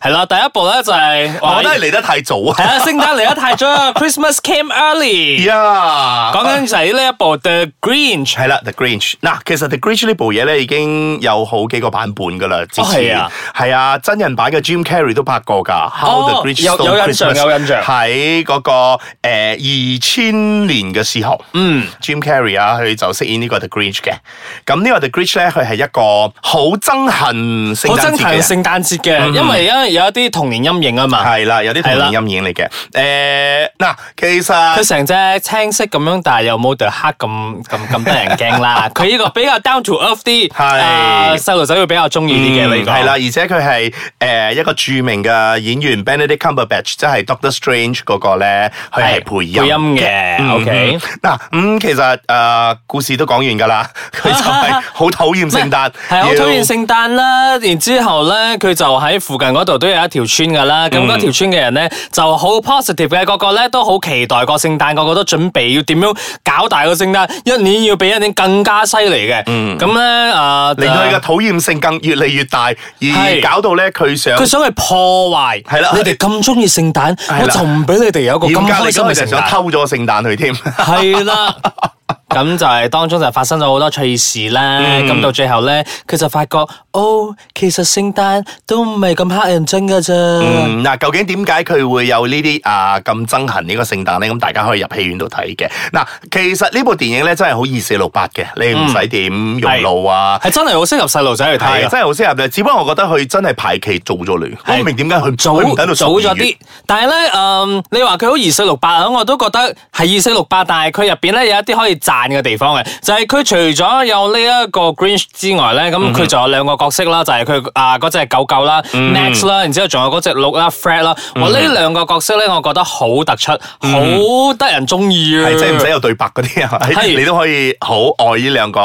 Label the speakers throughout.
Speaker 1: 係啦，第一步咧就係，我覺得係嚟得太
Speaker 2: 早啊！係啊，聖誕嚟得
Speaker 1: 太早，Christmas came early。啊，講緊就
Speaker 2: 係呢一部 The Grinch。係啦，The Grinch。嗱，其實 The Grinch 呢部嘢咧已經有好幾個版本噶啦。哦，係啊，係啊，真人版嘅 Jim Carrey 都拍過噶。哦，有有印象，有印象。喺嗰個誒二千年嘅時候，嗯，Jim Carrey 啊，佢就飾演呢個 The Grinch 嘅。咁呢個 The Grinch 咧，佢係一個好憎恨聖誕節嘅。聖誕節嘅，因為因為。有一啲童年陰影啊嘛，係啦，有啲童年陰
Speaker 1: 影嚟嘅。誒嗱，其實佢成隻青色咁樣，但係又冇對黑咁咁咁得人驚啦。
Speaker 2: 佢呢個比較 down to earth 啲，係細路仔會比較中意啲嘅。你講係啦，而且佢係誒一個著名嘅演員 Benedict Cumberbatch，即係 Doctor Strange 嗰個咧，佢係配音嘅。OK，嗱咁其實誒故事都講完㗎啦，佢就係好討厭聖誕，係好討厭
Speaker 1: 聖誕啦。然之後咧，佢就喺附近嗰度。都有一條村噶啦，咁嗰、嗯、條村嘅人咧就好 positive 嘅，個個咧都好期待個聖誕，個個都準備要點樣搞大個聖誕，
Speaker 2: 一年要比一年更加犀利嘅，咁咧啊令佢嘅討厭性更越嚟越大，是而搞到咧佢想佢想去
Speaker 1: 破壞，係啦的，你哋咁中意聖誕，的我就唔俾你哋有個咁開心嘅聖誕，想偷
Speaker 2: 咗個聖誕去添，係啦。
Speaker 1: 咁就係當中就發生咗好多趣事啦，咁、嗯、到最後咧，佢就發覺，哦，其實聖誕都唔係咁黑人憎噶咋。嗱、
Speaker 2: 嗯啊，究竟點解佢會有呢啲啊咁憎恨個聖誕呢個聖誕咧？咁大家可以入戲院度睇嘅。嗱、啊，其實呢部電影咧真係好二四六八嘅，你唔使點用腦啊，係、嗯啊、真係好適合細路仔去睇，真係好適合的只不過我覺得佢真係排期做咗亂，的我唔明的早點解佢做早咗啲，
Speaker 1: 但係咧，嗯，你話佢好二四六八，咁我都覺得係二四六八，但係佢入邊咧有一啲可以。讚嘅地方嘅，就係、是、佢除咗有呢一個 Grinch 之外咧，咁佢仲有兩個角色啦，就係、是、佢啊嗰隻狗狗啦，Max 啦，mm hmm. Max, 然之後仲有嗰隻鹿啦，Fred 啦、mm。我呢兩個角色咧，我覺得好突出，好、mm hmm. 得人中意啊。係，使唔使有對
Speaker 2: 白嗰啲啊？是 你都可以
Speaker 1: 好愛呢兩個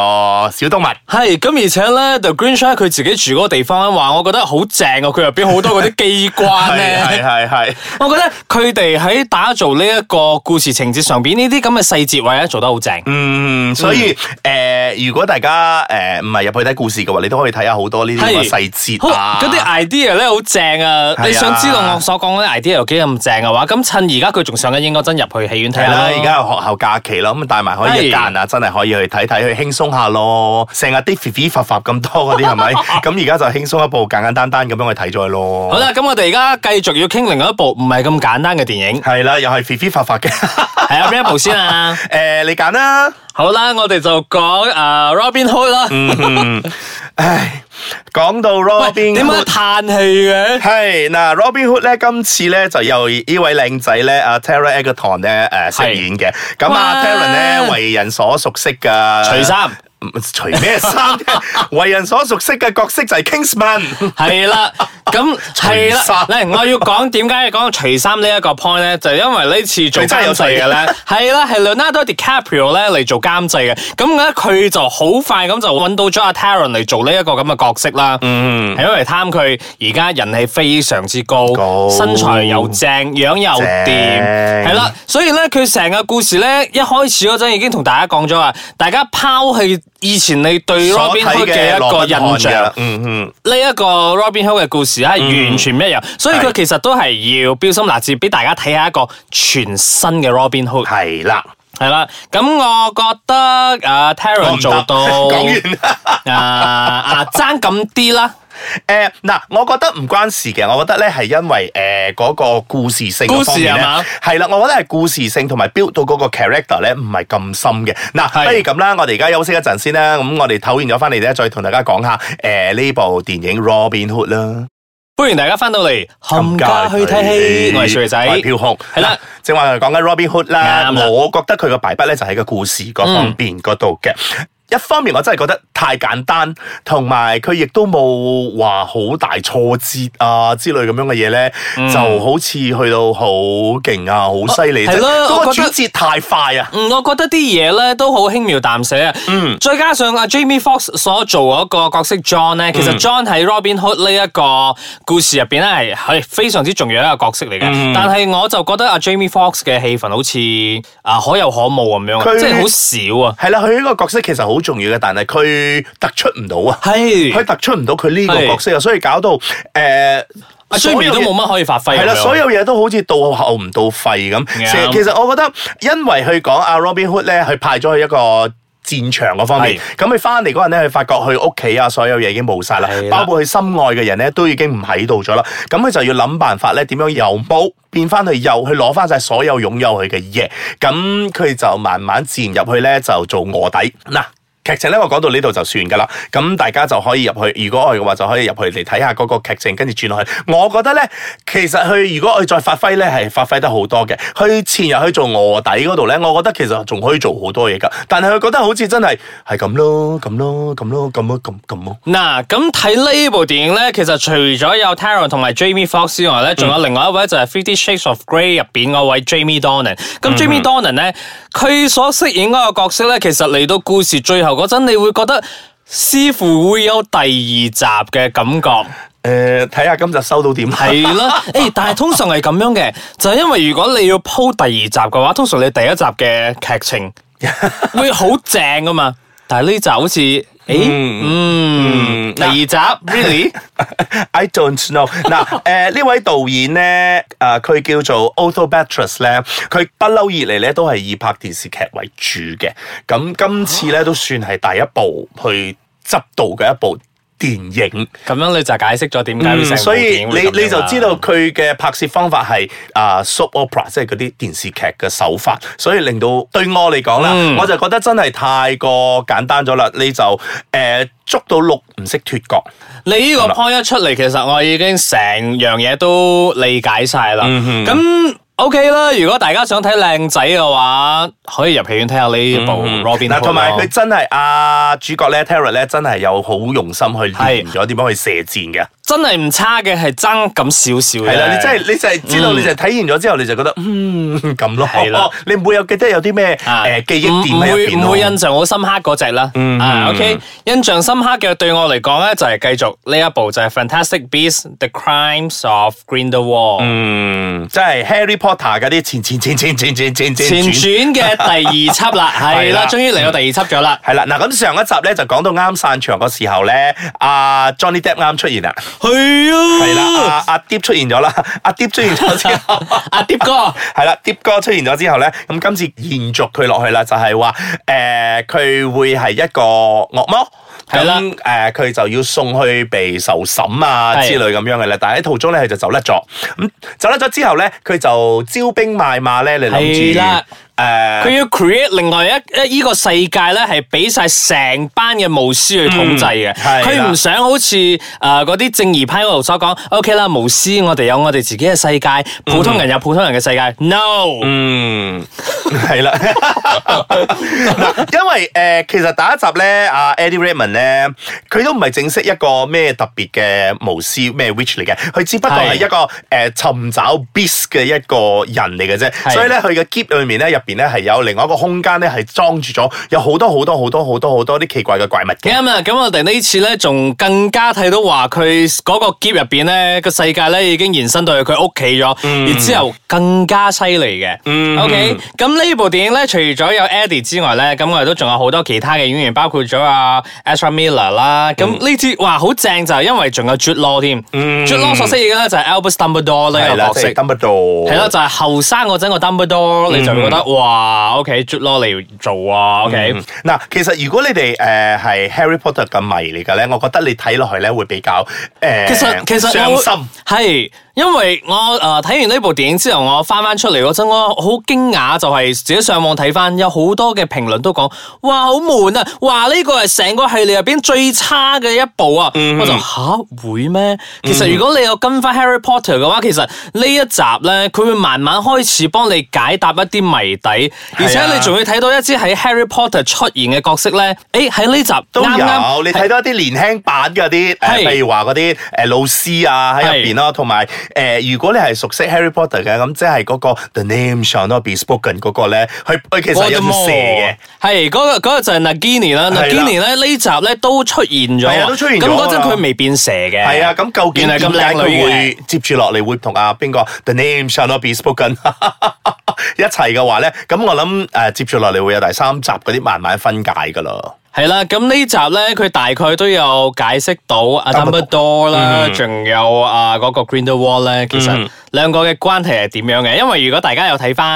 Speaker 1: 小動物。係，咁而且咧，The Grinch 佢自己住嗰個地方咧，話我覺得好正啊。佢入邊好多嗰啲機關咧，係
Speaker 2: 係係。
Speaker 1: 我覺得佢哋喺打造呢一個故事情節上邊，呢啲咁嘅細節位咧，做得好正。
Speaker 2: 嗯，所以誒、嗯呃，如果大家誒唔係入去睇故事嘅話，你都可以睇下好多呢啲個細節嗰啲 idea 咧好
Speaker 1: 正啊！啊啊你想知道我所講啲 idea 有幾咁正
Speaker 2: 嘅話，咁趁而家佢仲上緊影嗰陣，入去戲院睇啦。而家係學校假期啦，咁帶埋可以一家人啊，真係可以去睇睇，去輕鬆下咯。成日啲飛飛發發咁多嗰啲係咪？咁而家就輕鬆一部簡簡單單咁樣去睇咗咯。好
Speaker 1: 啦，咁我哋而家繼續要傾另外一部唔係咁簡單嘅電影。係啦、啊，又係飛飛發發嘅，係 啊，邊一部先啊？誒、 呃，你揀啦。好
Speaker 2: 啦，我哋就講啊 Robin Hood 啦。嗯，唉，講到 Robin，點解嘆氣嘅？係嗱，Robin Hood 咧，今次咧就由呢位靚仔咧，啊 Taron Egerton 咧誒飾演嘅。咁啊 Taron 咧為人所熟悉嘅，除衫。除咩衫？ 為人所熟悉嘅角色就係 Kingsman。 係啦，咁除啦。嚟，我要講點解要講除衫呢一
Speaker 1: 個 point 咧，就係、是、因為呢次做監製嘅咧，係 啦，係 Leonardo DiCaprio 咧，嚟做監製嘅。咁咧佢就好快咁就揾到咗阿 Taron 嚟做呢一個咁嘅角色啦。嗯，係因為貪佢而家人氣非常之高，高身材又正，樣又掂。係啦正，所以咧佢成個故事咧，一開始嗰陣已經同大家講咗啊，大家拋棄。以前你對 Robin Hood 嘅一個的印象，嗯嗯，呢、嗯、一個 Robin Hood 嘅故事係完全唔一樣，嗯、所以佢其實都係要標心立志俾大家睇下一個全新嘅 Robin Hood。係啦，係啦的，咁我覺得、
Speaker 2: uh, Terence 做到，講完啦，啊啊爭咁啲啦。Uh, uh, 誒，嗱，我覺得唔關事嘅，我覺得咧係因為誒嗰個故事性，故事係嘛，係啦，我覺得係故事性同埋 build 到嗰個 character 咧唔係咁深嘅。嗱，不如咁啦，我哋而家休息一陣先啦，咁我哋唞完咗翻嚟咧，再同大家講下誒呢部電影 Robin Hood 啦。歡迎大家翻到嚟，冚家去睇戲，我係樹仔，票控係啦。正話講緊 Robin Hood 啦，我覺得佢個敗筆咧就喺個故事嗰方面嗰度嘅。一方面我真係覺得太簡單，同埋佢亦都冇話好大挫折啊之類咁樣嘅嘢咧，嗯、就好似去到好勁啊，好犀利，係咯、啊？吧我覺得轉
Speaker 1: 折太快啊！嗯，我覺得啲嘢咧都好輕描淡寫啊。嗯，再加上阿、啊、Jamie Fox 所做嗰個角色 John 咧，嗯、其實 John 喺 Robin Hood 呢一個故事入邊咧係係非常之重要一個角色嚟嘅。嗯、但係我就覺得阿、啊、Jamie Fox 嘅戲份好似啊可有可無咁樣，即係好
Speaker 2: 少啊。係啦，佢呢個角色其實好重要嘅，但係佢突出唔到啊！係佢突出唔到佢呢個角色啊，所以搞到誒，所以都冇乜可以發揮，係啦。所有嘢都好似到喉唔到肺咁。其實我覺得，因為佢講阿 Robin Hood 咧，佢派咗去一個戰場嗰方面，咁佢翻嚟嗰陣咧，佢發覺佢屋企啊，所有嘢已經冇晒啦，包括佢心愛嘅人咧都已經唔喺度咗啦。咁佢就要諗辦法咧，點樣由冇變翻去又去攞翻晒所有擁有佢嘅嘢。咁佢就慢慢自然入去咧，就做臥底嗱。劇情咧，我講到呢度就算噶啦。咁大家就可以入去，如果我嘅話就可以入去嚟睇下嗰個劇情，跟住轉落去。我覺得咧，其實佢如果佢再發揮咧，係發揮得好多嘅。佢前日去做臥底嗰度咧，我覺得其實仲可以做好多嘢噶。但係佢覺得好似真係係咁咯，咁咯，咁咯，咁咯，咁咁咯。嗱，咁睇呢部
Speaker 1: 電影咧，其實除咗有 Taron 同埋 Jamie Foxx 之外咧，仲、嗯、有另外一位就係、是《Fifty Shades of Grey》入邊嗰位 Jamie Dornan。咁 Jamie Dornan 咧，佢所飾演嗰個角色咧，其實嚟到故事最後。嗰陣你會覺得似乎會有第二集嘅感覺，呃，誒，睇下今集收到點係 啦，誒，欸，但係通常係咁樣嘅，就係，是，因為如果你要鋪第二集嘅話，通常你第一集嘅劇情會好
Speaker 2: 正㗎嘛，但係呢集好似。誒，欸、嗯，嗯，第二集那，really？I don't know。 嗱、呃，誒，呢位導演咧，誒、呃，佢叫做 Otto Bathurst 咧，佢不嬲以嚟咧都係以拍電視劇為主嘅，咁今次咧都算係第一部去執導嘅一部。電影咁樣你就解釋咗點解會成套電影會咁樣啦。嗯，所以你你就知道佢嘅拍攝方法係啊、uh, soap opera，即係嗰啲電視劇嘅手法，所以令到對我嚟講啦，嗯、我就覺得真係太過簡單咗啦。你就誒、呃、捉到六鹿唔識脫角，脫你呢
Speaker 1: 個 point 一出嚟，其實我已經成樣嘢都理解晒啦。咁、嗯哼。O K 啦，如果大家想睇靚仔嘅話，可以入戲院睇下呢部。Robin 同埋佢
Speaker 2: 真係啊，主角咧，Terry 咧，真係有好用心去練咗點樣去射箭嘅，真係唔差嘅，係爭咁少少嘅。係啦，你真係你就係知道，你就係體驗咗之後，你就覺得嗯咁咯。係咯，你唔會有記得有啲咩誒記憶點？唔會唔會印
Speaker 1: 象好深刻嗰隻啦。啊，O K，印象深刻嘅對我嚟講咧就係繼續呢一部就係 Fantastic Beasts：The Crimes of Grindelwald。
Speaker 2: 嗯，
Speaker 1: 即係 Harry。
Speaker 2: Potter 嗰啲前前前前前前前前轉嘅第二輯啦，係啦，終於嚟到第二輯咗啦，係啦。嗱咁上一集咧就講到啱散場個時候咧，阿 Johnny Depp 啱出現啦，係啊，係啦，阿阿 Deep 出現咗啦，阿碟出現咗之後，阿碟哥係啦，碟哥出現咗之後咧，咁今次延續佢落去啦，就係話誒佢會係一個惡魔。咁誒，佢、呃、就要送去被受審啊之類咁樣嘅啦，的但喺途中咧，佢就走甩咗。咁走甩咗之後咧，佢就招兵買馬咧，你諗住。
Speaker 1: 佢、呃、要 create 另外一一依個世界咧，係俾晒成班嘅巫師去統治嘅。佢唔、嗯、想好似誒嗰啲正義派嗰度所講，OK 啦，巫師我哋有我哋自己嘅世界，普通人有普通人嘅
Speaker 2: 世界。No，嗯，係啦，因為誒、呃、其實第一集咧，阿、啊、Eddie Raymond 咧，佢都唔係正式一個咩特別嘅巫師咩 witch 嚟嘅，佢只不過係一個誒尋是的、呃、找 beast 嘅一個人嚟嘅啫。所以咧，佢嘅 keep 裏面咧入邊咧，係有另外一個空間咧，係裝住咗有好多好多好多好多好多啲奇怪嘅怪物
Speaker 1: 嘅。啱啊、yeah！咁我哋呢次咧，仲更加睇到話佢嗰個喼入邊咧，個世界咧，已經延伸到去佢屋企咗，然、mm hmm. 之後更加犀利嘅。O K，咁呢部電影咧，除咗有 Eddie 之外咧，咁我哋都仲有好多其他嘅演員，包括咗阿 Ezra Miller 啦。咁呢啲哇，好正就係因為仲有 Jude Law 添、mm。嗯、hmm.。Jude Law 所飾演咧就係 Albert Dumbledore 呢個、mm hmm. 角色。係啦
Speaker 2: ，Dumbledore。係啦，就係後生嗰陣個
Speaker 1: Dumbledore，你就會覺得。哇
Speaker 2: ，OK，j 絕咯，你要做啊，OK。嗱、嗯，其實如果你哋誒係 Harry Potter 嘅迷嚟嘅咧，我覺得你睇落去咧會比較誒、呃，其實其實又係。
Speaker 1: 心因為我誒睇、呃、完呢部電影之後，我翻翻出嚟嗰陣，我好驚訝，就係自己上網睇翻，有好多嘅評論都講，哇好悶啊，哇呢個係成個系列入邊最差嘅一部啊，嗯、哼我就吓會咩？嗯、哼其實如果你有跟翻 Harry Potter 嘅話，其實呢一集咧，佢會慢慢開始幫你解答一啲謎底，而且你仲會睇到一啲喺 Harry Potter 出現
Speaker 2: 嘅角色咧，誒喺呢集都有，啱啱你睇到一啲年輕版嘅啲，譬是、呃、如話嗰啲誒老師啊喺入邊咯，同埋。是是誒，如果你係熟悉 Harry Potter 嘅，咁即係嗰個 The name shall not be spoken 嗰、嗰個咧，佢其實有變蛇嘅。
Speaker 1: 係嗰、嗰個嗰、嗰個就係 Nagini 啦的，Nagini 咧
Speaker 2: 呢集咧都出現咗，咁嗰陣佢未變蛇嘅。係啊，咁究竟咁靚女會接住落嚟會同阿邊個 The name shall not be spoken 一齊嘅話咧，咁我諗誒，接住落嚟會有第三集嗰啲慢慢分解噶咯。
Speaker 1: 係啦，咁呢集咧，佢大概都有解釋到啊，Dumbledore 啦，仲、mm hmm. 有啊嗰、那個 Grindelwald 咧，其實兩個嘅關係係點樣嘅？Mm hmm. 因為如果大家有睇翻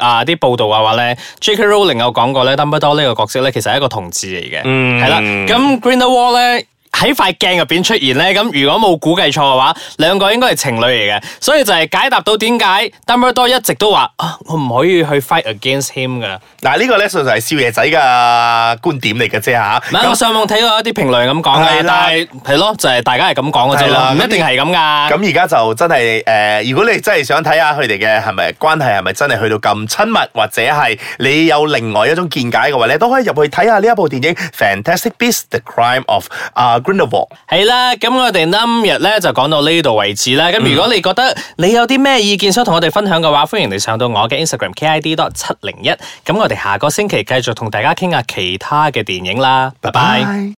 Speaker 1: 啊啲報道嘅話咧，J.K. Rowling 有講過咧、mm hmm.，Dumbledore 呢個角色咧，其實係一個同志嚟嘅。嗯、mm，係、hmm. 啦，咁 Grindelwald 咧。喺塊鏡入邊出現咧，咁如果冇估計錯嘅話，兩個應該係情侶嚟嘅，所以就係解答到點解 Dumbledore 一直都話啊，我唔可以去 fight against him 噶。嗱、啊這個、呢個咧，就係少爺仔嘅
Speaker 2: 觀點嚟嘅啫吓。啊、是那我上網睇過一啲評論咁講嘅，的但係，係咯，就係、是、大家係咁講嘅啫咯，的唔一定係咁噶。咁而家就真係誒、呃，如果你真係想睇下佢哋嘅係咪關係係咪真係去到咁親密，或者係你有另外一種見解嘅話咧，都可以入去睇下呢一部電影 Fantastic Beast: The Crime of 啊、uh,。
Speaker 1: 係啦，咁我哋今日咧就講到呢度為止啦。咁如果你覺得你有啲咩意見想同我哋分享嘅話，歡迎你上到我嘅 Instagram K I D dot 七零一。咁我哋下個星期繼續同大家傾下其他嘅電影啦。拜拜。 嗯 嗯